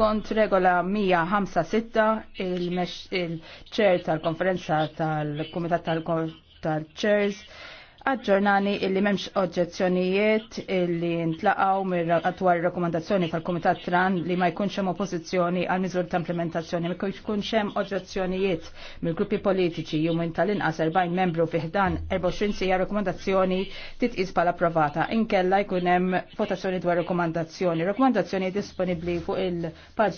skont regola 156 il-ċer tal-konferenza tal-Kumitat tal-Chairs Aġġornani illi memx oġġezzjonijiet illi ntlaqaw mir għatwar rekomendazzjoni tal-Komitat Tran li ma jkunx hemm oppożizzjoni għal miżur ta' implementazzjoni, ma jkunx hemm oġġezzjonijiet mill-gruppi politiċi jew minn tal-inqas 40 membru fih dan 24 sija rekomendazzjoni titqis bħala approvata. Inkella jkun hemm votazzjoni dwar rekomendazzjoni. Rekomendazzjoni disponibbli fuq il-paġna